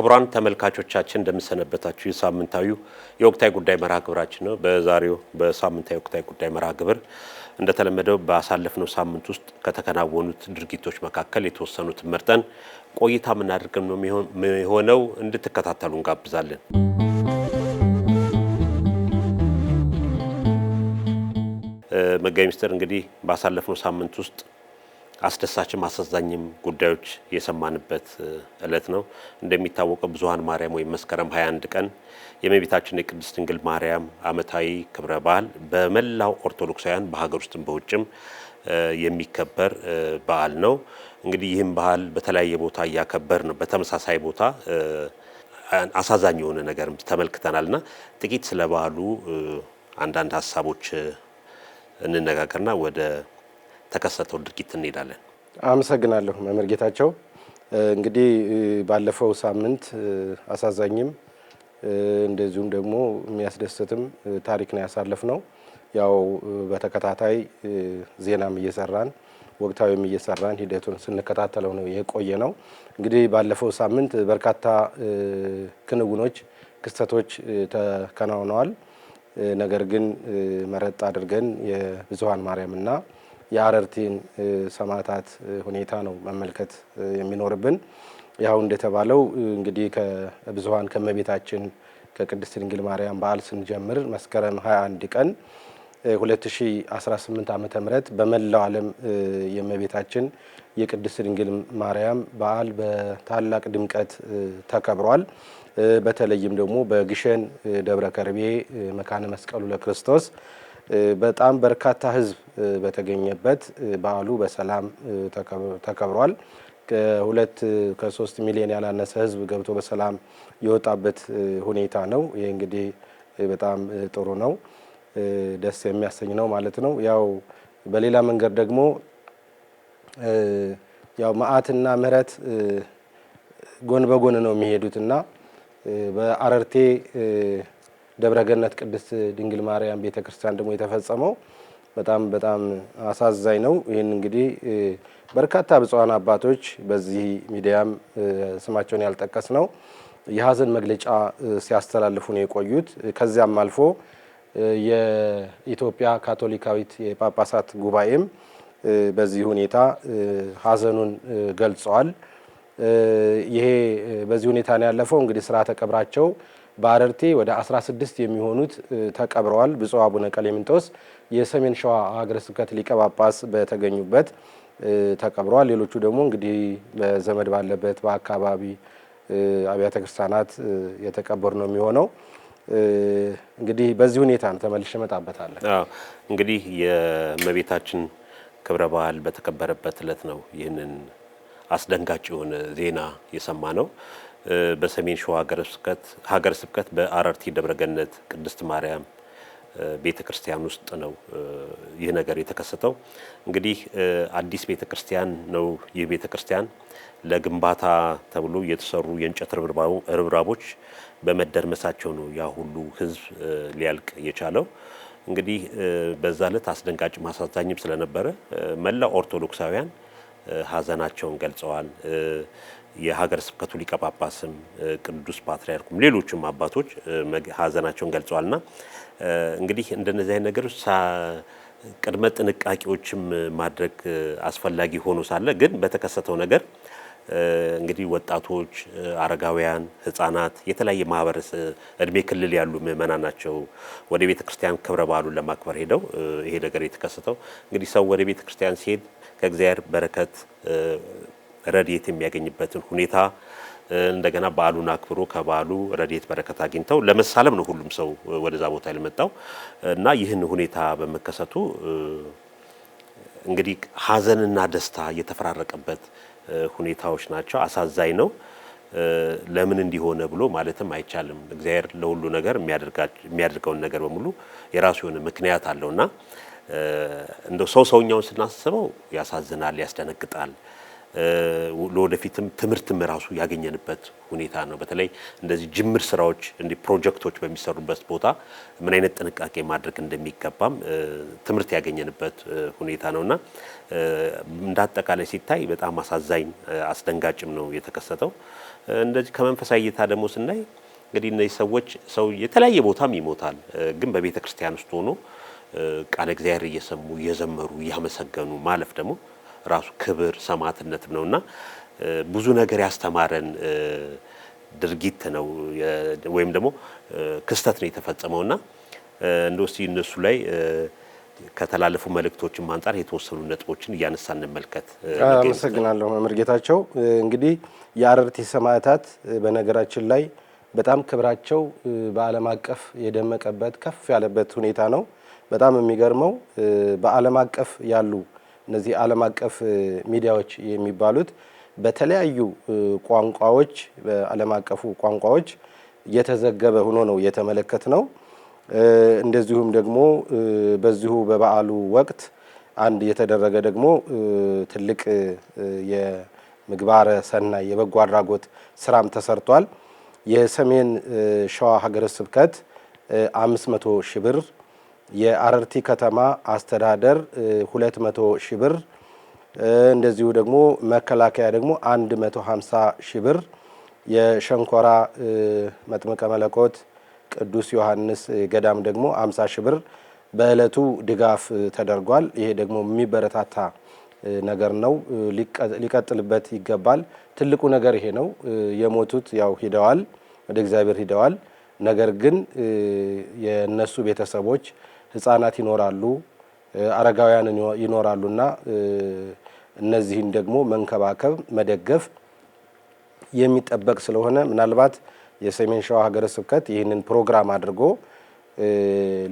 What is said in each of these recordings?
ክቡራን ተመልካቾቻችን እንደምሰነበታችሁ፣ የሳምንታዊ የወቅታዊ ጉዳይ መርሃ ግብራችን ነው። በዛሬው በሳምንታዊ የወቅታዊ ጉዳይ መርሃ ግብር እንደተለመደው ባሳለፍነው ሳምንት ውስጥ ከተከናወኑት ድርጊቶች መካከል የተወሰኑት መርጠን ቆይታ የምናደርግም ነው የሚሆነው። እንድትከታተሉ እንጋብዛለን። መጋቢ ሚኒስትር እንግዲህ ባሳለፍነው ሳምንት ውስጥ አስደሳችም አሳዛኝም ጉዳዮች የሰማንበት እለት ነው። እንደሚታወቀው ብዙሀን ማርያም ወይም መስከረም 21 ቀን የእመቤታችን የቅድስት ድንግል ማርያም ዓመታዊ ክብረ በዓል በመላው ኦርቶዶክሳውያን በሀገር ውስጥም በውጭም የሚከበር በዓል ነው። እንግዲህ ይህም በዓል በተለያየ ቦታ እያከበር ነው። በተመሳሳይ ቦታ አሳዛኝ የሆነ ነገርም ተመልክተናልና ጥቂት ስለ በዓሉ አንዳንድ ሀሳቦች እንነጋገርና ወደ ተከሰተው ድርጊት እንሄዳለን። አመሰግናለሁ መምህር ጌታቸው። እንግዲህ ባለፈው ሳምንት አሳዛኝም እንደዚሁም ደግሞ የሚያስደስትም ታሪክ ነው ያሳለፍ ነው። ያው በተከታታይ ዜናም እየሰራን ወቅታዊም እየሰራን ሂደቱን ስንከታተለው ነው የቆየ ነው። እንግዲህ ባለፈው ሳምንት በርካታ ክንውኖች፣ ክስተቶች ተከናውነዋል። ነገር ግን መረጥ አድርገን የብዙኃን ማርያምና የአረርቲን ሰማዕታት ሁኔታ ነው መመልከት የሚኖርብን። ያው እንደተባለው እንግዲህ ከብዙኃን ከእመቤታችን ከቅድስት ድንግል ማርያም በዓል ስንጀምር መስከረም 21 ቀን 2018 ዓ ምህረት በመላው ዓለም የእመቤታችን የቅድስት ድንግል ማርያም በዓል በታላቅ ድምቀት ተከብሯል። በተለይም ደግሞ በግሸን ደብረ ከርቤ መካነ መስቀሉ ለክርስቶስ በጣም በርካታ ሕዝብ በተገኘበት በዓሉ በሰላም ተከብሯል። ከሁለት ከሶስት ሚሊዮን ያላነሰ ህዝብ ገብቶ በሰላም የወጣበት ሁኔታ ነው። ይህ እንግዲህ በጣም ጥሩ ነው፣ ደስ የሚያሰኝ ነው ማለት ነው። ያው በሌላ መንገድ ደግሞ ያው መዓትና ምህረት ጎን በጎን ነው የሚሄዱት እና በአረርቴ ደብረገነት ቅድስት ድንግል ማርያም ቤተክርስቲያን ደግሞ የተፈጸመው በጣም በጣም አሳዛኝ ነው። ይህን እንግዲህ በርካታ ብፁዓን አባቶች በዚህ ሚዲያም ስማቸውን ያልጠቀስ ነው የሀዘን መግለጫ ሲያስተላልፉ ነው የቆዩት። ከዚያም አልፎ የኢትዮጵያ ካቶሊካዊት የጳጳሳት ጉባኤም በዚህ ሁኔታ ሀዘኑን ገልጸዋል። ይሄ በዚህ ሁኔታ ነው ያለፈው። እንግዲህ ስርዓተ ቀብራቸው በአረርቴ ወደ 16 የሚሆኑት ተቀብረዋል። ብፁዕ አቡነ ቀሌምንጦስ የሰሜን ሸዋ ሀገረ ስብከት ሊቀ ጳጳስ በተገኙበት ተቀብረዋል። ሌሎቹ ደግሞ እንግዲህ በዘመድ ባለበት በአካባቢ አብያተ ክርስቲያናት የተቀበሩ ነው የሚሆነው። እንግዲህ በዚህ ሁኔታ ነው ተመልሼ እመጣበታለሁ። እንግዲህ የእመቤታችን ክብረ በዓል በተከበረበት እለት ነው ይህንን አስደንጋጭ የሆነ ዜና የሰማ ነው። በሰሜን ሸዋ ሀገረ ስብከት በአረርቲ ደብረገነት ቅድስት ማርያም ቤተ ክርስቲያን ውስጥ ነው ይህ ነገር የተከሰተው። እንግዲህ አዲስ ቤተ ክርስቲያን ነው። ይህ ቤተ ክርስቲያን ለግንባታ ተብሎ የተሰሩ የእንጨት ርብራቦች በመደርመሳቸው ነው ያ ሁሉ ህዝብ ሊያልቅ የቻለው። እንግዲህ በዛ ዕለት አስደንጋጭ ማሳዛኝም ስለነበረ መላው ኦርቶዶክሳውያን ሀዘናቸውን ገልጸዋል። የሀገረ ስብከቱ ሊቀ ጳጳስም ቅዱስ ፓትርያርኩም ሌሎችም አባቶች ሀዘናቸውን ገልጸዋልና እንግዲህ እንደነዚህ አይነት ነገሮች ቅድመ ጥንቃቄዎችም ማድረግ አስፈላጊ ሆኖ ሳለ ግን በተከሰተው ነገር እንግዲህ ወጣቶች፣ አረጋውያን፣ ህጻናት የተለያየ ማህበረሰብ እድሜ ክልል ያሉ ምእመናን ናቸው ወደ ቤተ ክርስቲያን ክብረ በዓሉን ለማክበር ሄደው ይሄ ነገር የተከሰተው እንግዲህ ሰው ወደ ቤተ ክርስቲያን ሲሄድ ከእግዚአብሔር በረከት ረድኤት የሚያገኝበትን ሁኔታ እንደገና በዓሉን አክብሮ ከበዓሉ ረድኤት በረከት አግኝተው ለመሳለም ነው ሁሉም ሰው ወደዛ ቦታ የመጣው እና ይህን ሁኔታ በመከሰቱ እንግዲህ ሀዘንና ደስታ የተፈራረቀበት ሁኔታዎች ናቸው። አሳዛኝ ነው። ለምን እንዲሆነ ብሎ ማለትም አይቻልም። እግዚአብሔር ለሁሉ ነገር የሚያደርገውን ነገር በሙሉ የራሱ የሆነ ምክንያት አለውና እንደው ሰው ሰውኛውን ስናስበው ያሳዝናል፣ ያስደነግጣል። ለወደፊትም ትምህርትም ራሱ ያገኘንበት ሁኔታ ነው። በተለይ እንደዚህ ጅምር ስራዎች እንዲህ ፕሮጀክቶች በሚሰሩበት ቦታ ምን አይነት ጥንቃቄ ማድረግ እንደሚገባም ትምህርት ያገኘንበት ሁኔታ ነው እና እንደ አጠቃላይ ሲታይ በጣም አሳዛኝ አስደንጋጭም ነው የተከሰተው። እንደዚህ ከመንፈሳዊ እይታ ደግሞ ስናይ እንግዲህ እነዚህ ሰዎች ሰው የተለያየ ቦታም ይሞታል፣ ግን በቤተ ክርስቲያን ውስጥ ሆኖ ቃለ እግዚአብሔር እየሰሙ እየዘመሩ እያመሰገኑ ማለፍ ደግሞ ራሱ ክብር ሰማዕትነትም ነውና ብዙ ነገር ያስተማረን ድርጊት ነው ወይም ደግሞ ክስተት ነው እና እንደ እስቲ እነሱ ላይ ከተላለፉ መልእክቶችም አንጻር የተወሰኑ ነጥቦችን እያነሳ እንመልከት። አመሰግናለሁ መምህር ጌታቸው። እንግዲህ የአረርቲ ሰማዕታት በነገራችን ላይ በጣም ክብራቸው በዓለም አቀፍ የደመቀበት ከፍ ያለበት ሁኔታ ነው። በጣም የሚገርመው በዓለም አቀፍ ያሉ እነዚህ ዓለም አቀፍ ሚዲያዎች የሚባሉት በተለያዩ ቋንቋዎች በዓለም አቀፉ ቋንቋዎች የተዘገበ ሆኖ ነው የተመለከት ነው። እንደዚሁም ደግሞ በዚሁ በበዓሉ ወቅት አንድ የተደረገ ደግሞ ትልቅ የምግባረ ሰናይ የበጎ አድራጎት ስራም ተሰርቷል። የሰሜን ሸዋ ሀገረ ስብከት አምስት መቶ ሺህ ብር የአረርቲ ከተማ አስተዳደር 200 ሺህ ብር እንደዚሁ ደግሞ መከላከያ ደግሞ 150 ሺህ ብር የሸንኮራ መጥምቀ መለኮት ቅዱስ ዮሐንስ ገዳም ደግሞ 50 ሺህ ብር ድጋፍ ተደርጓል። ይሄ ደግሞ የሚበረታታ ነገር ነው፣ ሊቀጥልበት ይገባል። ትልቁ ነገር ይሄ ነው። የሞቱት ያው ሂደዋል፣ ወደ እግዚአብሔር ሂደዋል። ነገር ግን የእነሱ ቤተሰቦች ህጻናት ይኖራሉ፣ አረጋውያን ይኖራሉና እነዚህን ደግሞ መንከባከብ፣ መደገፍ የሚጠበቅ ስለሆነ ምናልባት የሰሜን ሸዋ ሀገረ ስብከት ይህንን ፕሮግራም አድርጎ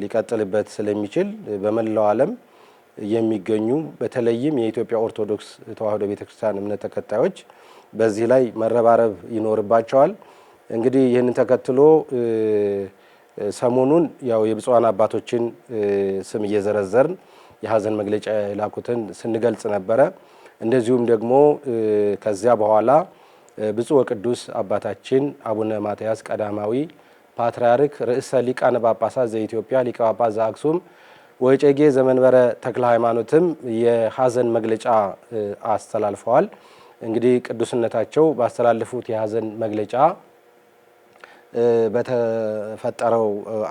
ሊቀጥልበት ስለሚችል በመላው ዓለም የሚገኙ በተለይም የኢትዮጵያ ኦርቶዶክስ ተዋሕዶ ቤተክርስቲያን እምነት ተከታዮች በዚህ ላይ መረባረብ ይኖርባቸዋል። እንግዲህ ይህንን ተከትሎ ሰሞኑን ያው የብፁዓን አባቶችን ስም እየዘረዘርን የሀዘን መግለጫ የላኩትን ስንገልጽ ነበረ። እንደዚሁም ደግሞ ከዚያ በኋላ ብፁዕ ወቅዱስ አባታችን አቡነ ማትያስ ቀዳማዊ ፓትርያርክ ርዕሰ ሊቃነ ጳጳሳት ዘኢትዮጵያ ሊቀ ጳጳስ ዘአክሱም ወጨጌ ዘመንበረ ተክለ ሃይማኖትም የሀዘን መግለጫ አስተላልፈዋል። እንግዲህ ቅዱስነታቸው ባስተላለፉት የሀዘን መግለጫ በተፈጠረው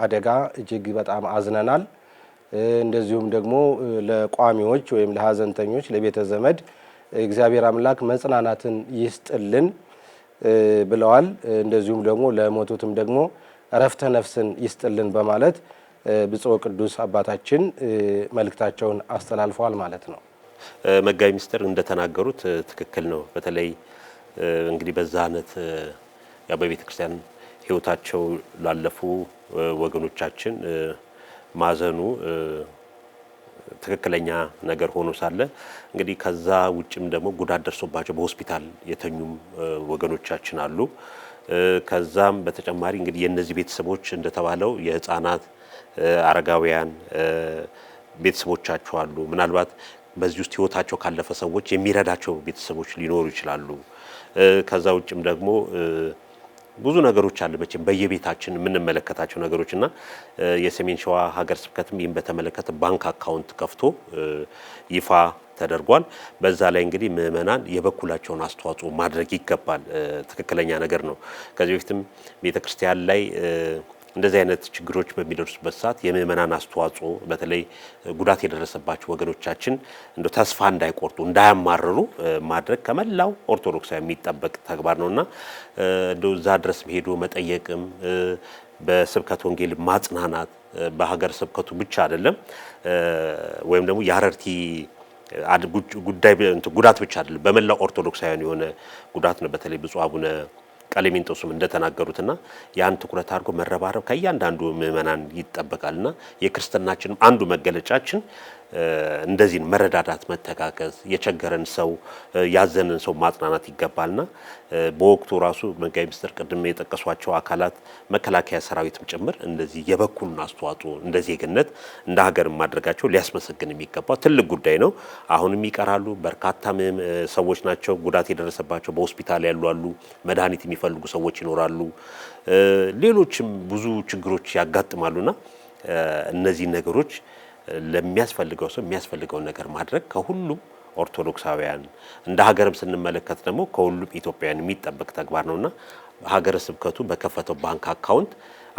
አደጋ እጅግ በጣም አዝነናል። እንደዚሁም ደግሞ ለቋሚዎች ወይም ለሀዘንተኞች፣ ለቤተ ዘመድ እግዚአብሔር አምላክ መጽናናትን ይስጥልን ብለዋል። እንደዚሁም ደግሞ ለሞቱትም ደግሞ እረፍተ ነፍስን ይስጥልን በማለት ብፁዕ ቅዱስ አባታችን መልእክታቸውን አስተላልፈዋል ማለት ነው። መጋቢ ሚኒስትር እንደተናገሩት ትክክል ነው። በተለይ እንግዲህ በዛነት ያው በቤተክርስቲያን ህይወታቸው ላለፉ ወገኖቻችን ማዘኑ ትክክለኛ ነገር ሆኖ ሳለ እንግዲህ ከዛ ውጭም ደግሞ ጉዳት ደርሶባቸው በሆስፒታል የተኙም ወገኖቻችን አሉ። ከዛም በተጨማሪ እንግዲህ የእነዚህ ቤተሰቦች እንደተባለው የህፃናት፣ አረጋውያን ቤተሰቦቻቸው አሉ። ምናልባት በዚህ ውስጥ ህይወታቸው ካለፈ ሰዎች የሚረዳቸው ቤተሰቦች ሊኖሩ ይችላሉ። ከዛ ውጭም ደግሞ ብዙ ነገሮች አሉ መቼም በየቤታችን የምንመለከታቸው ነገሮች እና የሰሜን ሸዋ ሀገር ስብከትም ይህን በተመለከተ ባንክ አካውንት ከፍቶ ይፋ ተደርጓል። በዛ ላይ እንግዲህ ምዕመናን የበኩላቸውን አስተዋጽኦ ማድረግ ይገባል። ትክክለኛ ነገር ነው። ከዚህ በፊትም ቤተክርስቲያን ላይ እንደዚህ አይነት ችግሮች በሚደርሱበት ሰዓት የምእመናን አስተዋጽኦ በተለይ ጉዳት የደረሰባቸው ወገኖቻችን እንደ ተስፋ እንዳይቆርጡ እንዳያማረሩ ማድረግ ከመላው ኦርቶዶክሳዊ የሚጠበቅ ተግባር እና እንደ እዛ ድረስ ሄዶ መጠየቅም በስብከት ወንጌል ማጽናናት በሀገር ስብከቱ ብቻ አይደለም ወይም ደግሞ የሀረርቲ ጉዳይ ጉዳት ብቻ አይደለም፣ በመላው ኦርቶዶክሳውያን የሆነ ጉዳት ነው። በተለይ ብፁዕ አቡነ ቀሌሜንጦስም እንደተናገሩትና ያን ትኩረት አድርጎ መረባረብ ከእያንዳንዱ ምዕመናን ይጠበቃልና የክርስትናችንም አንዱ መገለጫችን እንደዚህን መረዳዳት፣ መተጋገዝ የቸገረን ሰው ያዘንን ሰው ማጽናናት ይገባልና በወቅቱ ራሱ መጋቢ ሚኒስትር ቅድም የጠቀሷቸው አካላት መከላከያ ሰራዊትም ጭምር እንደዚህ የበኩሉን አስተዋጽኦ እንደ ዜግነት እንደ ሀገር ማድረጋቸው ሊያስመሰግን የሚገባው ትልቅ ጉዳይ ነው። አሁንም ይቀራሉ በርካታ ሰዎች ናቸው ጉዳት የደረሰባቸው በሆስፒታል ያሉ አሉ፣ መድኃኒት የሚፈልጉ ሰዎች ይኖራሉ፣ ሌሎችም ብዙ ችግሮች ያጋጥማሉና እነዚህ ነገሮች ለሚያስፈልገው ሰው የሚያስፈልገውን ነገር ማድረግ ከሁሉም ኦርቶዶክሳውያን እንደ ሀገርም ስንመለከት ደግሞ ከሁሉም ኢትዮጵያውያን የሚጠበቅ ተግባር ነውና ሀገረ ስብከቱ በከፈተው ባንክ አካውንት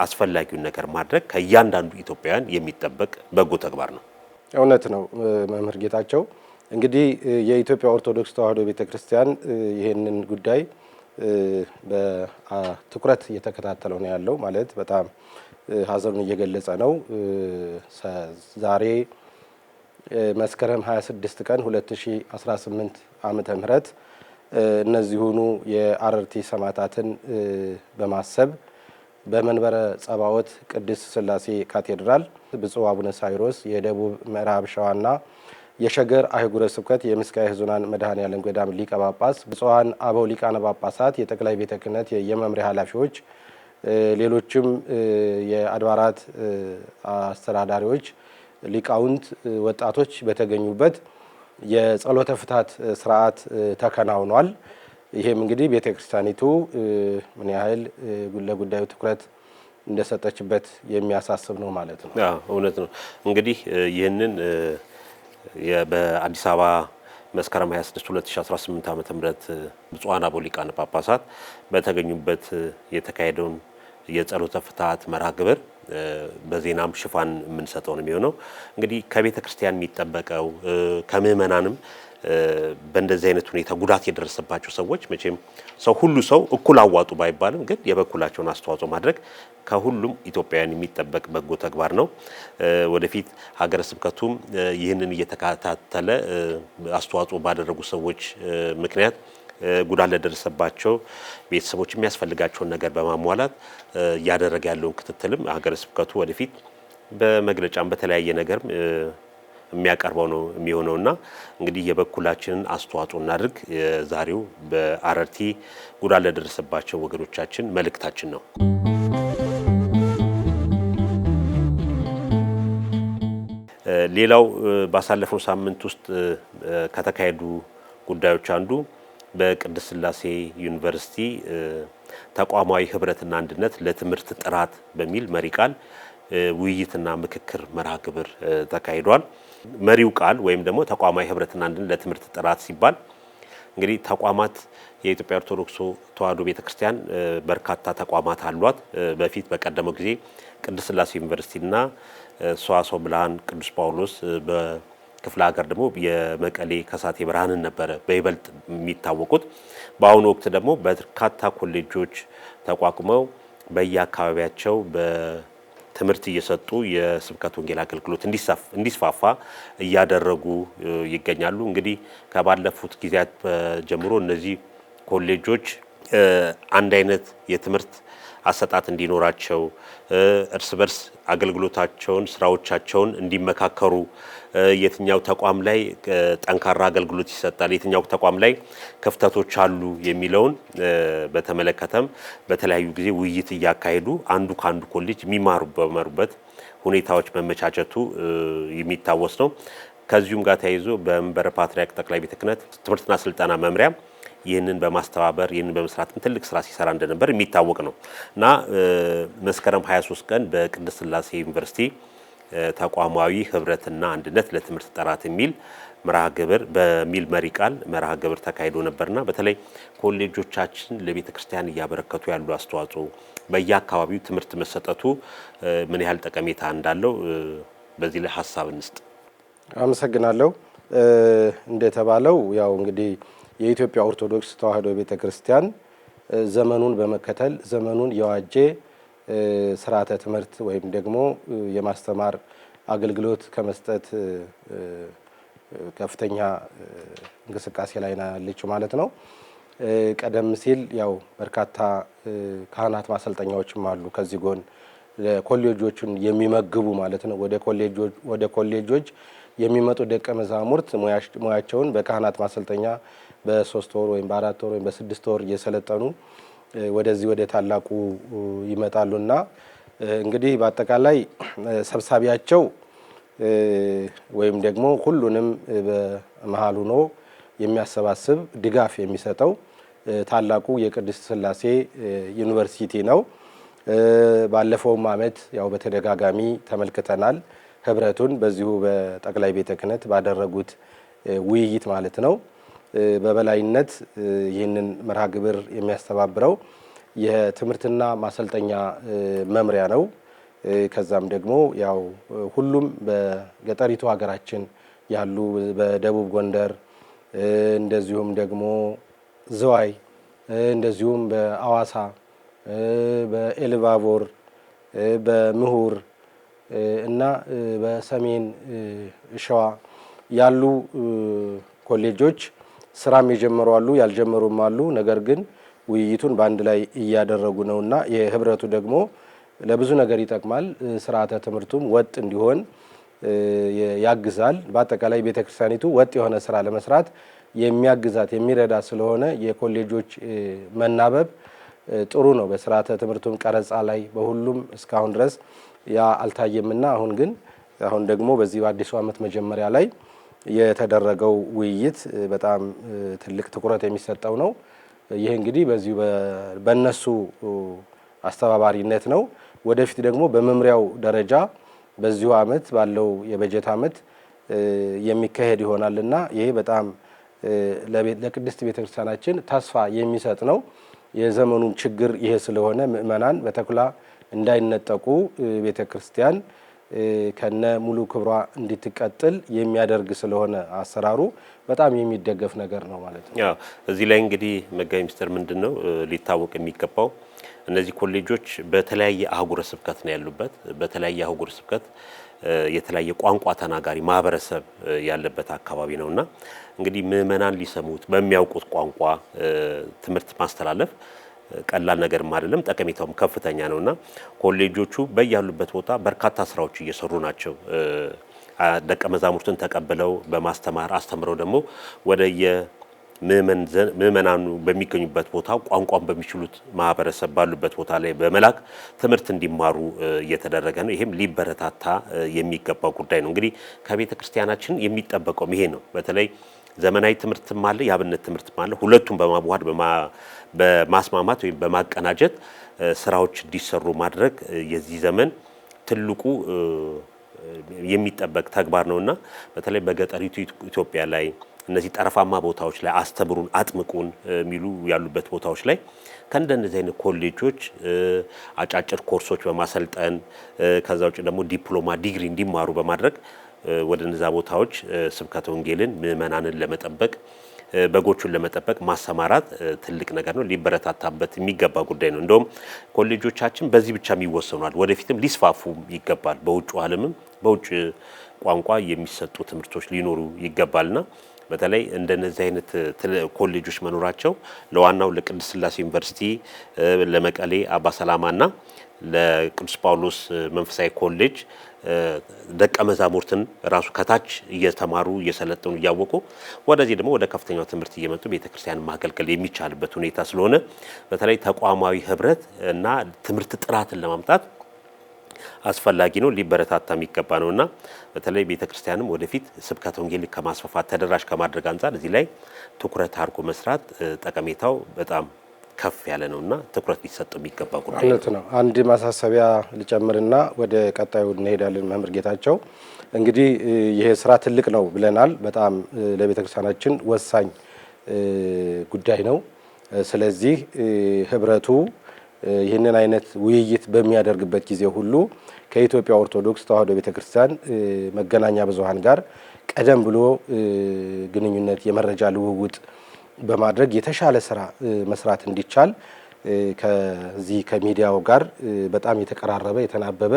አስፈላጊውን ነገር ማድረግ ከእያንዳንዱ ኢትዮጵያውያን የሚጠበቅ በጎ ተግባር ነው። እውነት ነው መምህር ጌታቸው። እንግዲህ የኢትዮጵያ ኦርቶዶክስ ተዋሕዶ ቤተ ክርስቲያን ይህንን ጉዳይ በትኩረት እየተከታተለው ነው ያለው ማለት በጣም ሀዘኑን እየገለጸ ነው። ዛሬ መስከረም 26 ቀን 2018 ዓመተ ምህረት እነዚሁኑ የአረርቲ ሰማዕታትን በማሰብ በመንበረ ጸባዖት ቅድስት ስላሴ ካቴድራል ብፁዕ አቡነ ሳይሮስ የደቡብ ምዕራብ ሸዋና የሸገር አህጉረ ስብከት የምስካየ ኅዙናን መድኃኔ ዓለም ገዳም ሊቀ ጳጳስ፣ ብፁዓን አበው ሊቃነ ጳጳሳት፣ የጠቅላይ ቤተ ክህነት የመምሪያ ኃላፊዎች ሌሎችም የአድባራት አስተዳዳሪዎች፣ ሊቃውንት፣ ወጣቶች በተገኙበት የጸሎተ ፍታት ስርዓት ተከናውኗል። ይህም እንግዲህ ቤተ ክርስቲያኒቱ ምን ያህል ለጉዳዩ ትኩረት እንደሰጠችበት የሚያሳስብ ነው ማለት ነው። እውነት ነው። እንግዲህ ይህንን በአዲስ አበባ መስከረም 26 2018 ዓ.ም ብፁዓን አበው ሊቃነ ጳጳሳት በተገኙበት የተካሄደውን የጸሎተ ፍትሐት መርሃ ግብር በዜናም ሽፋን የምንሰጠው ነው የሚሆነው። እንግዲህ ከቤተ ክርስቲያን የሚጠበቀው በእንደዚህ አይነት ሁኔታ ጉዳት የደረሰባቸው ሰዎች መቼም ሰው ሁሉ ሰው እኩል አዋጡ ባይባልም ግን የበኩላቸውን አስተዋጽኦ ማድረግ ከሁሉም ኢትዮጵያውያን የሚጠበቅ በጎ ተግባር ነው። ወደፊት ሀገረ ስብከቱም ይህንን እየተከታተለ አስተዋጽኦ ባደረጉ ሰዎች ምክንያት ጉዳት ለደረሰባቸው ቤተሰቦች የሚያስፈልጋቸውን ነገር በማሟላት እያደረገ ያለውን ክትትልም ሀገረ ስብከቱ ወደፊት በመግለጫም በተለያየ ነገርም የሚያቀርበው ነው እና እንግዲህ የበኩላችንን አስተዋጽኦ እናድርግ። ዛሬው በአረርቲ ጉዳት ለደረሰባቸው ወገኖቻችን መልእክታችን ነው። ሌላው ባሳለፈው ሳምንት ውስጥ ከተካሄዱ ጉዳዮች አንዱ በቅድስት ስላሴ ዩኒቨርሲቲ ተቋማዊ ህብረትና አንድነት ለትምህርት ጥራት በሚል መሪ ቃል ውይይትና ምክክር መርሃ ግብር ተካሂዷል። መሪው ቃል ወይም ደግሞ ተቋማዊ ህብረትና አንድነት ለትምህርት ጥራት ሲባል እንግዲህ ተቋማት የኢትዮጵያ ኦርቶዶክስ ተዋሕዶ ቤተክርስቲያን በርካታ ተቋማት አሏት። በፊት በቀደመው ጊዜ ቅድስት ስላሴ ዩኒቨርሲቲና ሰዋስወ ብርሃን ቅዱስ ጳውሎስ በክፍለ ሀገር ደግሞ የመቀሌ ከሳቴ ብርሃንን ነበረ በይበልጥ የሚታወቁት። በአሁኑ ወቅት ደግሞ በርካታ ኮሌጆች ተቋቁመው በየአካባቢያቸው ትምህርት እየሰጡ የስብከት ወንጌል አገልግሎት እንዲስፋፋ እያደረጉ ይገኛሉ። እንግዲህ ከባለፉት ጊዜያት ጀምሮ እነዚህ ኮሌጆች አንድ አይነት የትምህርት አሰጣት እንዲኖራቸው እርስ በርስ አገልግሎታቸውን፣ ስራዎቻቸውን እንዲመካከሩ የትኛው ተቋም ላይ ጠንካራ አገልግሎት ይሰጣል፣ የትኛው ተቋም ላይ ክፍተቶች አሉ የሚለውን በተመለከተም በተለያዩ ጊዜ ውይይት እያካሄዱ አንዱ ከአንዱ ኮሌጅ የሚማሩበት ሁኔታዎች መመቻቸቱ የሚታወስ ነው። ከዚሁም ጋር ተያይዞ በመንበረ ፓትርያርክ ጠቅላይ ቤተ ክህነት ትምህርትና ስልጠና መምሪያ ይህንን በማስተባበር ይህንን በመስራትም ትልቅ ስራ ሲሰራ እንደነበር የሚታወቅ ነው እና መስከረም 23 ቀን በቅድስት ስላሴ ዩኒቨርሲቲ ተቋማዊ ህብረትና አንድነት ለትምህርት ጥራት የሚል መርሃ ግብር በሚል መሪ ቃል መርሃ ግብር ተካሂዶ ነበርና በተለይ ኮሌጆቻችን ለቤተ ክርስቲያን እያበረከቱ ያሉ አስተዋጽኦ፣ በየአካባቢው ትምህርት መሰጠቱ ምን ያህል ጠቀሜታ እንዳለው በዚህ ላይ ሀሳብ እንስጥ። አመሰግናለሁ። እንደተባለው ያው እንግዲህ የኢትዮጵያ ኦርቶዶክስ ተዋሕዶ ቤተ ክርስቲያን ዘመኑን በመከተል ዘመኑን የዋጀ ስርዓተ ትምህርት ወይም ደግሞ የማስተማር አገልግሎት ከመስጠት ከፍተኛ እንቅስቃሴ ላይ ናለች ማለት ነው። ቀደም ሲል ያው በርካታ ካህናት ማሰልጠኛዎችም አሉ። ከዚህ ጎን ኮሌጆቹን የሚመግቡ ማለት ነው። ወደ ኮሌጆች የሚመጡ ደቀ መዛሙርት ሙያቸውን በካህናት ማሰልጠኛ በሶስት ወር ወይም በአራት ወር ወይም በስድስት ወር እየሰለጠኑ ወደዚህ ወደ ታላቁ ይመጣሉና እንግዲህ በአጠቃላይ ሰብሳቢያቸው ወይም ደግሞ ሁሉንም በመሀል ሆኖ የሚያሰባስብ ድጋፍ የሚሰጠው ታላቁ የቅድስት ስላሴ ዩኒቨርሲቲ ነው። ባለፈውም ዓመት ያው በተደጋጋሚ ተመልክተናል። ህብረቱን በዚሁ በጠቅላይ ቤተ ክህነት ባደረጉት ውይይት ማለት ነው። በበላይነት ይህንን መርሃ ግብር የሚያስተባብረው የትምህርትና ማሰልጠኛ መምሪያ ነው። ከዛም ደግሞ ያው ሁሉም በገጠሪቱ ሀገራችን ያሉ በደቡብ ጎንደር እንደዚሁም ደግሞ ዝዋይ እንደዚሁም በአዋሳ በኤልባቦር በምሁር እና በሰሜን ሸዋ ያሉ ኮሌጆች ስራም የጀመሩ አሉ፣ ያልጀመሩም አሉ። ነገር ግን ውይይቱን በአንድ ላይ እያደረጉ ነው እና የህብረቱ ደግሞ ለብዙ ነገር ይጠቅማል። ስርዓተ ትምህርቱም ወጥ እንዲሆን ያግዛል። በአጠቃላይ ቤተክርስቲያኒቱ ወጥ የሆነ ስራ ለመስራት የሚያግዛት የሚረዳ ስለሆነ የኮሌጆች መናበብ ጥሩ ነው። በስርዓተ ትምህርቱም ቀረጻ ላይ በሁሉም እስካሁን ድረስ ያ አልታየምና አሁን ግን አሁን ደግሞ በዚህ በአዲሱ ዓመት መጀመሪያ ላይ የተደረገው ውይይት በጣም ትልቅ ትኩረት የሚሰጠው ነው። ይህ እንግዲህ በዚሁ በእነሱ አስተባባሪነት ነው። ወደፊት ደግሞ በመምሪያው ደረጃ በዚሁ ዓመት ባለው የበጀት ዓመት የሚካሄድ ይሆናል እና ይሄ በጣም ለቅድስት ቤተክርስቲያናችን ተስፋ የሚሰጥ ነው። የዘመኑም ችግር ይሄ ስለሆነ ምእመናን በተኩላ እንዳይነጠቁ ቤተክርስቲያን ከነ ሙሉ ክብሯ እንድትቀጥል የሚያደርግ ስለሆነ አሰራሩ በጣም የሚደገፍ ነገር ነው ማለት ነው። ያው እዚህ ላይ እንግዲህ መጋቢ ሚኒስትር ምንድን ነው ሊታወቅ የሚገባው እነዚህ ኮሌጆች በተለያየ አህጉረ ስብከት ነው ያሉበት። በተለያየ አህጉረ ስብከት የተለያየ ቋንቋ ተናጋሪ ማህበረሰብ ያለበት አካባቢ ነውና እንግዲህ ምእመናን ሊሰሙት በሚያውቁት ቋንቋ ትምህርት ማስተላለፍ ቀላል ነገርም አይደለም፣ ጠቀሜታውም ከፍተኛ ነው እና ኮሌጆቹ በያሉበት ቦታ በርካታ ስራዎች እየሰሩ ናቸው። ደቀ መዛሙርትን ተቀብለው በማስተማር አስተምረው ደግሞ ወደ ምእመናኑ በሚገኙበት ቦታ ቋንቋን በሚችሉት ማህበረሰብ ባሉበት ቦታ ላይ በመላክ ትምህርት እንዲማሩ እየተደረገ ነው። ይሄም ሊበረታታ የሚገባ ጉዳይ ነው። እንግዲህ ከቤተ ክርስቲያናችን የሚጠበቀውም ይሄ ነው። በተለይ ዘመናዊ ትምህርትም አለ፣ የአብነት ትምህርትም አለ። ሁለቱም በማዋሃድ በማስማማት ወይም በማቀናጀት ስራዎች እንዲሰሩ ማድረግ የዚህ ዘመን ትልቁ የሚጠበቅ ተግባር ነውና በተለይ በገጠሪቱ ኢትዮጵያ ላይ እነዚህ ጠረፋማ ቦታዎች ላይ አስተምሩን አጥምቁን የሚሉ ያሉበት ቦታዎች ላይ ከእንደነዚህ አይነት ኮሌጆች አጫጭር ኮርሶች በማሰልጠን ከዛ ውጭ ደግሞ ዲፕሎማ ዲግሪ እንዲማሩ በማድረግ ወደ እነዛ ቦታዎች ስብከተ ወንጌልን ምእመናንን ለመጠበቅ በጎቹን ለመጠበቅ ማሰማራት ትልቅ ነገር ነው። ሊበረታታበት የሚገባ ጉዳይ ነው። እንደውም ኮሌጆቻችን በዚህ ብቻ የሚወሰኗል፣ ወደፊትም ሊስፋፉ ይገባል። በውጭ ዓለምም በውጭ ቋንቋ የሚሰጡ ትምህርቶች ሊኖሩ ይገባልና በተለይ እንደነዚህ አይነት ኮሌጆች መኖራቸው ለዋናው ለቅድስት ስላሴ ዩኒቨርሲቲ፣ ለመቀሌ አባ ሰላማና ለቅዱስ ጳውሎስ መንፈሳዊ ኮሌጅ ደቀ መዛሙርትን ራሱ ከታች እየተማሩ እየሰለጠኑ እያወቁ ወደዚህ ደግሞ ወደ ከፍተኛው ትምህርት እየመጡ ቤተክርስቲያን ማገልገል የሚቻልበት ሁኔታ ስለሆነ በተለይ ተቋማዊ ህብረት እና ትምህርት ጥራትን ለማምጣት አስፈላጊ ነው፣ ሊበረታታ የሚገባ ነው እና በተለይ ቤተክርስቲያንም ወደፊት ስብከተ ወንጌል ከማስፋፋት ተደራሽ ከማድረግ አንጻር እዚህ ላይ ትኩረት አድርጎ መስራት ጠቀሜታው በጣም ከፍ ያለ እና ትኩረት ሊሰጠው የሚገባ ጉዳይ ነው። አንድ ማሳሰቢያ ልጨምርና ወደ ቀጣዩ እንሄዳለን። መምህር ጌታቸው እንግዲህ ይሄ ስራ ትልቅ ነው ብለናል። በጣም ለቤተ ክርስቲያናችን ወሳኝ ጉዳይ ነው። ስለዚህ ህብረቱ ይህንን አይነት ውይይት በሚያደርግበት ጊዜ ሁሉ ከኢትዮጵያ ኦርቶዶክስ ተዋሕዶ ቤተ ክርስቲያን መገናኛ ብዙኃን ጋር ቀደም ብሎ ግንኙነት የመረጃ ልውውጥ በማድረግ የተሻለ ስራ መስራት እንዲቻል ከዚህ ከሚዲያው ጋር በጣም የተቀራረበ የተናበበ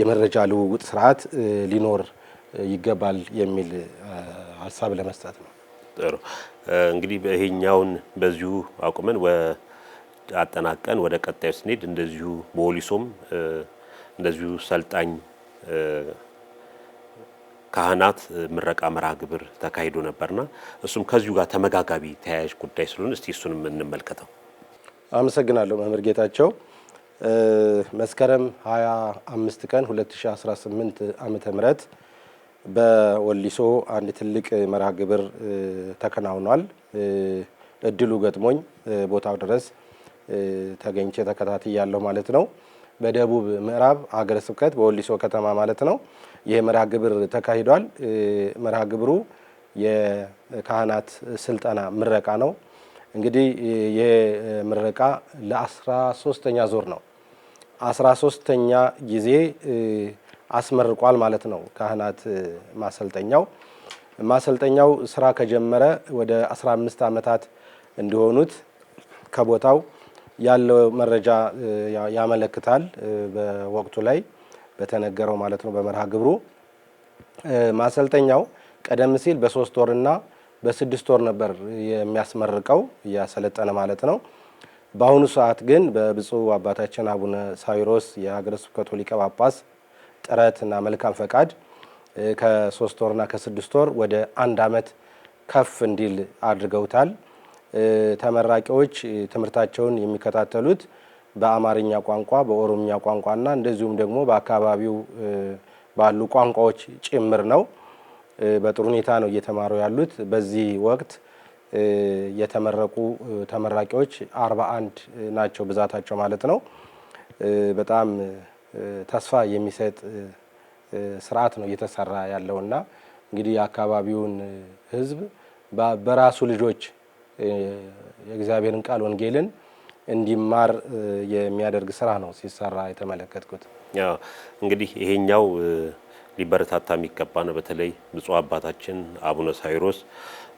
የመረጃ ልውውጥ ስርዓት ሊኖር ይገባል የሚል ሀሳብ ለመስጠት ነው። ጥሩ እንግዲህ ይሄኛውን በዚሁ አቁመን አጠናቀን ወደ ቀጣዩ ስንሄድ እንደዚሁ በወሊሶም እንደዚሁ ሰልጣኝ ካህናት ምረቃ መርሃ ግብር ተካሂዶ ነበርና እሱም ከዚሁ ጋር ተመጋጋቢ ተያያዥ ጉዳይ ስለሆነ እስቲ እሱንም እንመልከተው። አመሰግናለሁ መምህር ጌታቸው። መስከረም 25 ቀን 2018 ዓመተ ምህረት በወሊሶ አንድ ትልቅ መርሃ ግብር ተከናውኗል። እድሉ ገጥሞኝ ቦታው ድረስ ተገኝቼ ተከታትያለሁ ማለት ነው። በደቡብ ምዕራብ ሀገረ ስብከት በወሊሶ ከተማ ማለት ነው። ይህ መርሃ ግብር ተካሂዷል። መርሃ ግብሩ የካህናት ስልጠና ምረቃ ነው። እንግዲህ ይህ ምረቃ ለአስራ ሶስተኛ ዞር ነው። አስራ ሶስተኛ ጊዜ አስመርቋል ማለት ነው። ካህናት ማሰልጠኛው ማሰልጠኛው ስራ ከጀመረ ወደ 15 ዓመታት እንደሆኑት ከቦታው ያለው መረጃ ያመለክታል በወቅቱ ላይ በተነገረው ማለት ነው በመርሃ ግብሩ ማሰልጠኛው ቀደም ሲል በሶስት ወርና በስድስት ወር ነበር የሚያስመርቀው እያሰለጠነ ማለት ነው። በአሁኑ ሰዓት ግን በብፁዕ አባታችን አቡነ ሳዊሮስ የሀገረ ስብከቱ ሊቀ ጳጳስ ጥረትና መልካም ፈቃድ ከሶስት ወርና ከስድስት ወር ወደ አንድ ዓመት ከፍ እንዲል አድርገውታል። ተመራቂዎች ትምህርታቸውን የሚከታተሉት በአማርኛ ቋንቋ፣ በኦሮምኛ ቋንቋና እንደዚሁም ደግሞ በአካባቢው ባሉ ቋንቋዎች ጭምር ነው። በጥሩ ሁኔታ ነው እየተማሩ ያሉት። በዚህ ወቅት የተመረቁ ተመራቂዎች አርባ አንድ ናቸው ብዛታቸው ማለት ነው። በጣም ተስፋ የሚሰጥ ስርዓት ነው እየተሰራ ያለውና እንግዲህ የአካባቢውን ህዝብ በራሱ ልጆች የእግዚአብሔርን ቃል ወንጌልን እንዲማር የሚያደርግ ስራ ነው ሲሰራ የተመለከትኩት። እንግዲህ ይሄኛው ሊበረታታ የሚገባ ነው። በተለይ ብፁዕ አባታችን አቡነ ሳይሮስ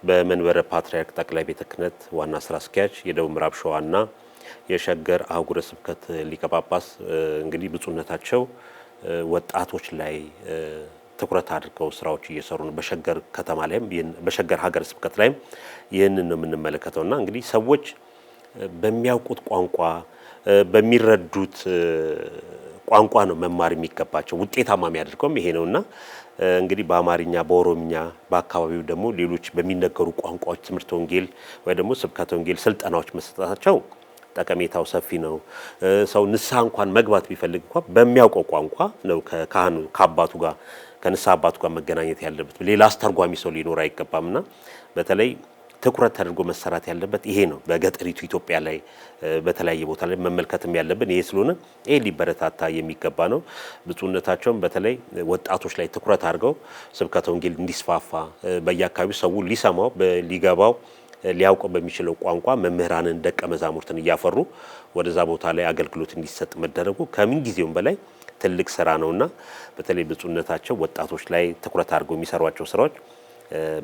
በመንበረ ፓትርያርክ ጠቅላይ ቤተ ክህነት ዋና ስራ አስኪያጅ የደቡብ ምዕራብ ሸዋና የሸገር አህጉረ ስብከት ሊቀ ጳጳስ እንግዲህ ብፁዕነታቸው ወጣቶች ላይ ትኩረት አድርገው ስራዎች እየሰሩ ነው። በሸገር ከተማ ላይም በሸገር ሀገረ ስብከት ላይም ይህንን ነው የምንመለከተውና እንግዲህ ሰዎች በሚያውቁት ቋንቋ በሚረዱት ቋንቋ ነው መማር የሚገባቸው። ውጤታማ የሚያደርገውም ይሄ እና እንግዲህ በአማርኛ፣ በኦሮምኛ በአካባቢው ደግሞ ሌሎች በሚነገሩ ቋንቋዎች ትምህርት ወንጌል ወይ ደግሞ ስብከተ ወንጌል ስልጠናዎች መሰጠታቸው ጠቀሜታው ሰፊ ነው። ሰው ንስሐ እንኳን መግባት ቢፈልግ እንኳ በሚያውቀው ቋንቋ ነው ከካህኑ ከአባቱ ጋር ከንስሐ አባቱ ጋር መገናኘት ያለበት። ሌላ አስተርጓሚ ሰው ሊኖር አይገባምና በተለይ ትኩረት ተደርጎ መሰራት ያለበት ይሄ ነው። በገጠሪቱ ኢትዮጵያ ላይ በተለያየ ቦታ ላይ መመልከትም ያለብን ይሄ ስለሆነ ይሄ ሊበረታታ የሚገባ ነው። ብፁዕነታቸውም በተለይ ወጣቶች ላይ ትኩረት አድርገው ስብከተ ወንጌል እንዲስፋፋ በየአካባቢው ሰው ሊሰማው ሊገባው ሊያውቀው በሚችለው ቋንቋ መምህራንን ደቀ መዛሙርትን እያፈሩ ወደዛ ቦታ ላይ አገልግሎት እንዲሰጥ መደረጉ ከምንጊዜውም በላይ ትልቅ ስራ ነውና በተለይ ብፁዕነታቸው ወጣቶች ላይ ትኩረት አድርገው የሚሰሯቸው ስራዎች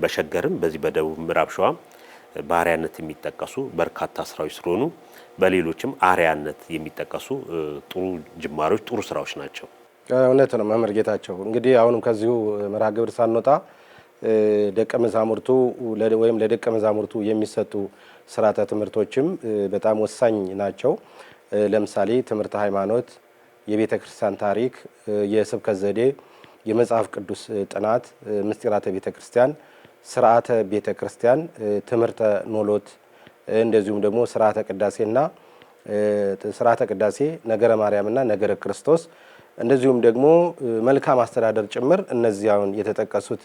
በሸገርም በዚህ በደቡብ ምዕራብ ሸዋ በአርያነት የሚጠቀሱ በርካታ ስራዎች ስለሆኑ በሌሎችም አርያነት የሚጠቀሱ ጥሩ ጅማሬዎች፣ ጥሩ ስራዎች ናቸው። እውነት ነው መምህር ጌታቸው። እንግዲህ አሁንም ከዚሁ መርሃ ግብር ሳንወጣ ደቀ መዛሙርቱ ወይም ለደቀ መዛሙርቱ የሚሰጡ ስርዓተ ትምህርቶችም በጣም ወሳኝ ናቸው። ለምሳሌ ትምህርት ሃይማኖት፣ የቤተ ክርስቲያን ታሪክ፣ የስብከት ዘዴ የመጽሐፍ ቅዱስ ጥናት፣ ምስጢራተ ቤተ ክርስቲያን፣ ስርዓተ ቤተ ክርስቲያን፣ ትምህርተ ኖሎት እንደዚሁም ደግሞ ስርዓተ ቅዳሴና ስርዓተ ቅዳሴ፣ ነገረ ማርያምና ነገረ ክርስቶስ እንደዚሁም ደግሞ መልካም አስተዳደር ጭምር እነዚያውን የተጠቀሱት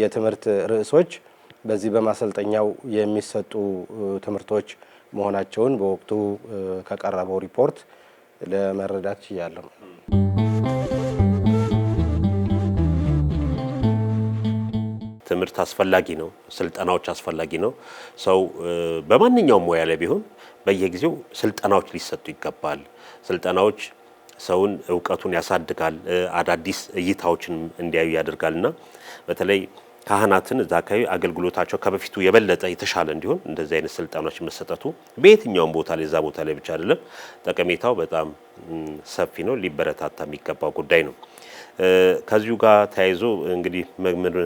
የትምህርት ርዕሶች በዚህ በማሰልጠኛው የሚሰጡ ትምህርቶች መሆናቸውን በወቅቱ ከቀረበው ሪፖርት ለመረዳት ችያለሁ። ትምህርት አስፈላጊ ነው። ስልጠናዎች አስፈላጊ ነው። ሰው በማንኛውም ሙያ ላይ ቢሆን በየጊዜው ስልጠናዎች ሊሰጡ ይገባል። ስልጠናዎች ሰውን እውቀቱን ያሳድጋል፣ አዳዲስ እይታዎችን እንዲያዩ ያደርጋል እና በተለይ ካህናትን እዛ አካባቢ አገልግሎታቸው ከበፊቱ የበለጠ የተሻለ እንዲሆን እንደዚህ አይነት ስልጠናዎች መሰጠቱ በየትኛውም ቦታ ላይ እዛ ቦታ ላይ ብቻ አይደለም፣ ጠቀሜታው በጣም ሰፊ ነው። ሊበረታታ የሚገባው ጉዳይ ነው። ከዚሁ ጋር ተያይዞ እንግዲህ መምህር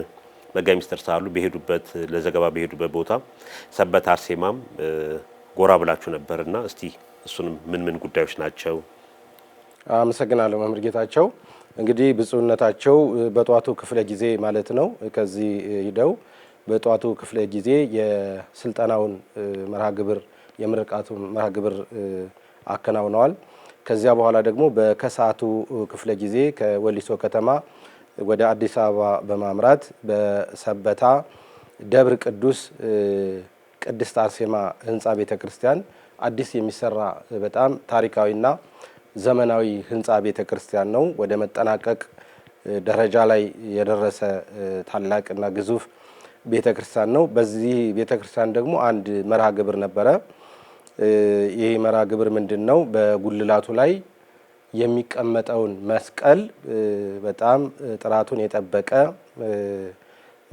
መጋቢ ሚኒስትር ሳሉ በሄዱበት ለዘገባ በሄዱበት ቦታ ሰበት አርሴማም ጎራ ብላችሁ ነበርና እስቲ እሱንም ምን ምን ጉዳዮች ናቸው? አመሰግናለሁ መምህር ጌታቸው። እንግዲህ ብፁዕነታቸው በጠዋቱ ክፍለ ጊዜ ማለት ነው ከዚህ ሂደው በጠዋቱ ክፍለ ጊዜ የስልጠናውን መርሃ ግብር የምርቃቱን መርሃ ግብር አከናውነዋል። ከዚያ በኋላ ደግሞ በከሰዓቱ ክፍለ ጊዜ ከወሊሶ ከተማ ወደ አዲስ አበባ በማምራት በሰበታ ደብር ቅዱስ ቅድስት አርሴማ ህንፃ ቤተ ክርስቲያን አዲስ የሚሰራ በጣም ታሪካዊና ዘመናዊ ህንፃ ቤተ ክርስቲያን ነው። ወደ መጠናቀቅ ደረጃ ላይ የደረሰ ታላቅና ግዙፍ ቤተ ክርስቲያን ነው። በዚህ ቤተ ክርስቲያን ደግሞ አንድ መርሃ ግብር ነበረ። ይህ መርሃ ግብር ምንድን ነው? በጉልላቱ ላይ የሚቀመጠውን መስቀል በጣም ጥራቱን የጠበቀ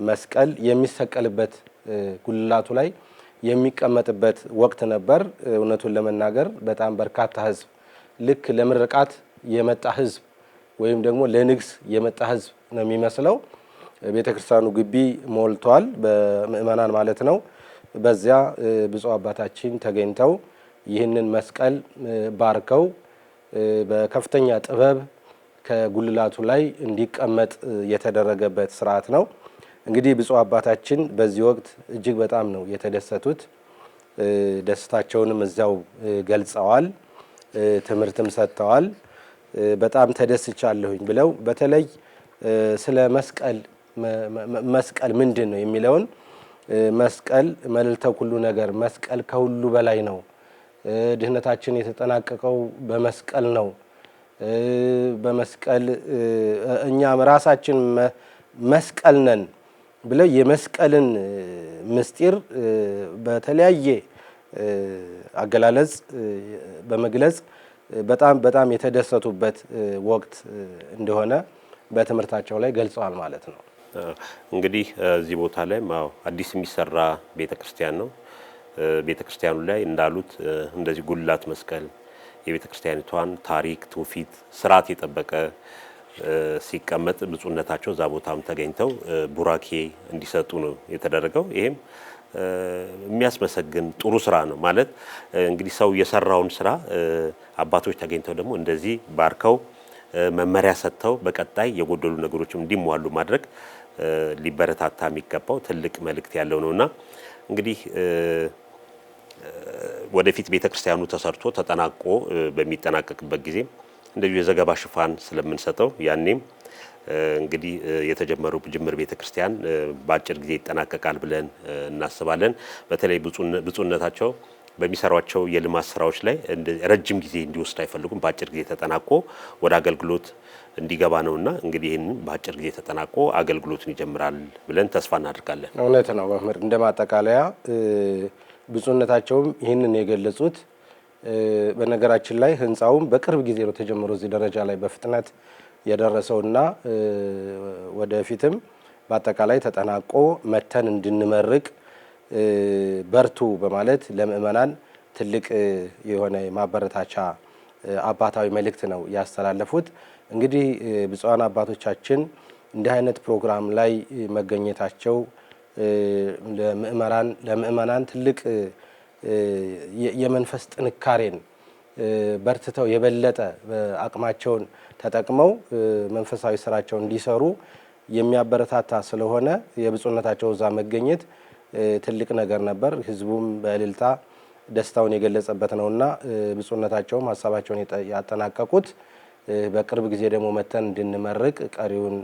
መስቀል የሚሰቀልበት ጉልላቱ ላይ የሚቀመጥበት ወቅት ነበር። እውነቱን ለመናገር በጣም በርካታ ህዝብ ልክ ለምርቃት የመጣ ህዝብ ወይም ደግሞ ለንግስ የመጣ ህዝብ ነው የሚመስለው። ቤተክርስቲያኑ ግቢ ሞልቷል፣ በምእመናን ማለት ነው። በዚያ ብፁዕ አባታችን ተገኝተው ይህንን መስቀል ባርከው በከፍተኛ ጥበብ ከጉልላቱ ላይ እንዲቀመጥ የተደረገበት ስርዓት ነው። እንግዲህ ብፁዕ አባታችን በዚህ ወቅት እጅግ በጣም ነው የተደሰቱት። ደስታቸውንም እዚያው ገልጸዋል፣ ትምህርትም ሰጥተዋል። በጣም ተደስቻለሁኝ ብለው በተለይ ስለ መስቀል መስቀል ምንድን ነው የሚለውን መስቀል መልዕልተ ኩሉ ነገር መስቀል ከሁሉ በላይ ነው ድህነታችን የተጠናቀቀው በመስቀል ነው። በመስቀል እኛ ራሳችን መስቀል ነን ብለው የመስቀልን ምስጢር በተለያየ አገላለጽ በመግለጽ በጣም በጣም የተደሰቱበት ወቅት እንደሆነ በትምህርታቸው ላይ ገልጸዋል ማለት ነው። እንግዲህ እዚህ ቦታ ላይ አዲስ የሚሰራ ቤተ ክርስቲያን ነው። ቤተ ክርስቲያኑ ላይ እንዳሉት እንደዚህ ጉላት መስቀል የቤተ ክርስቲያኒቷን ታሪክ፣ ትውፊት፣ ስርዓት የጠበቀ ሲቀመጥ ብፁዕነታቸው እዛ ቦታም ተገኝተው ቡራኬ እንዲሰጡ ነው የተደረገው። ይሄም የሚያስመሰግን ጥሩ ስራ ነው ማለት እንግዲህ ሰው የሰራውን ስራ አባቶች ተገኝተው ደግሞ እንደዚህ ባርከው መመሪያ ሰጥተው በቀጣይ የጎደሉ ነገሮችም እንዲሟሉ ማድረግ ሊበረታታ የሚገባው ትልቅ መልእክት ያለው ነውና እንግዲህ ወደፊት ቤተ ክርስቲያኑ ተሰርቶ ተጠናቆ በሚጠናቀቅበት ጊዜ እንደዚሁ የዘገባ ሽፋን ስለምንሰጠው ያኔም እንግዲህ የተጀመሩ ጅምር ቤተ ክርስቲያን በአጭር ጊዜ ይጠናቀቃል ብለን እናስባለን። በተለይ ብፁዕነታቸው በሚሰሯቸው የልማት ስራዎች ላይ ረጅም ጊዜ እንዲወስድ አይፈልጉም። በአጭር ጊዜ ተጠናቆ ወደ አገልግሎት እንዲገባ እና እንግዲህ ይህን በአጭር ጊዜ ተጠናቆ አገልግሎቱን ይጀምራል ብለን ተስፋ እናደርጋለን። እውነት ነው መምህር እንደ ማጠቃለያ ብፁዕነታቸውም ይህንን የገለጹት በነገራችን ላይ ህንፃውም በቅርብ ጊዜ ነው ተጀምሮ እዚህ ደረጃ ላይ በፍጥነት የደረሰውና ወደፊትም በአጠቃላይ ተጠናቆ መተን እንድንመርቅ በርቱ በማለት ለምእመናን ትልቅ የሆነ ማበረታቻ አባታዊ መልእክት ነው ያስተላለፉት። እንግዲህ ብፁዓን አባቶቻችን እንዲህ አይነት ፕሮግራም ላይ መገኘታቸው ለምእመናን ትልቅ የመንፈስ ጥንካሬን በርትተው የበለጠ አቅማቸውን ተጠቅመው መንፈሳዊ ስራቸውን እንዲሰሩ የሚያበረታታ ስለሆነ የብፁዕነታቸው እዛ መገኘት ትልቅ ነገር ነበር። ህዝቡም በእልልታ ደስታውን የገለጸበት ነውና ብፁዕነታቸውም ሀሳባቸውን ያጠናቀቁት በቅርብ ጊዜ ደግሞ መተን እንድንመርቅ ቀሪውን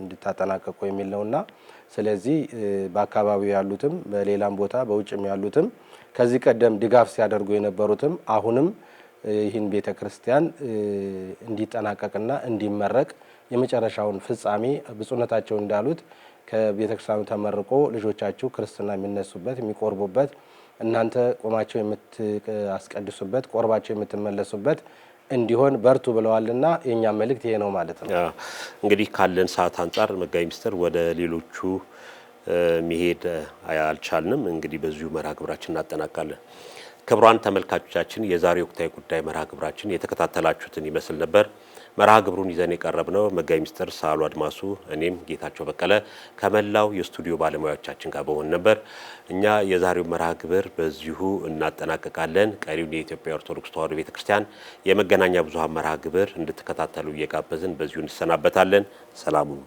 እንድታጠናቀቁ የሚል ነውና ስለዚህ በአካባቢው ያሉትም በሌላም ቦታ በውጭም ያሉትም ከዚህ ቀደም ድጋፍ ሲያደርጉ የነበሩትም አሁንም ይህን ቤተ ክርስቲያን እንዲጠናቀቅና እንዲመረቅ የመጨረሻውን ፍጻሜ ብፁዕነታቸው እንዳሉት ከቤተ ክርስቲያኑ ተመርቆ ልጆቻችሁ ክርስትና የሚነሱበት የሚቆርቡበት እናንተ ቆማቸው የምታስቀድሱበት ቆርባቸው የምትመለሱበት እንዲሆን በርቱ ብለዋልና የእኛ መልእክት ይሄ ነው ማለት ነው። እንግዲህ ካለን ሰዓት አንጻር መጋቢ ሚኒስትር ወደ ሌሎቹ መሄድ አልቻልንም። እንግዲህ በዚሁ መርሃ ግብራችን እናጠናቃለን። ክቡራን ተመልካቾቻችን የዛሬ ወቅታዊ ጉዳይ መርሃ ግብራችን የተከታተላችሁትን ይመስል ነበር። መርሃ ግብሩን ይዘን የቀረብ ነው መጋቢ ሚኒስትር ሳህሉ አድማሱ፣ እኔም ጌታቸው በቀለ ከመላው የስቱዲዮ ባለሙያዎቻችን ጋር በሆን ነበር። እኛ የዛሬው መርሃ ግብር በዚሁ እናጠናቅቃለን። ቀሪውን የኢትዮጵያ ኦርቶዶክስ ተዋሕዶ ቤተክርስቲያን የመገናኛ ብዙሀን መርሃ ግብር እንድትከታተሉ እየጋበዝን በዚሁ እንሰናበታለን። ሰላሙ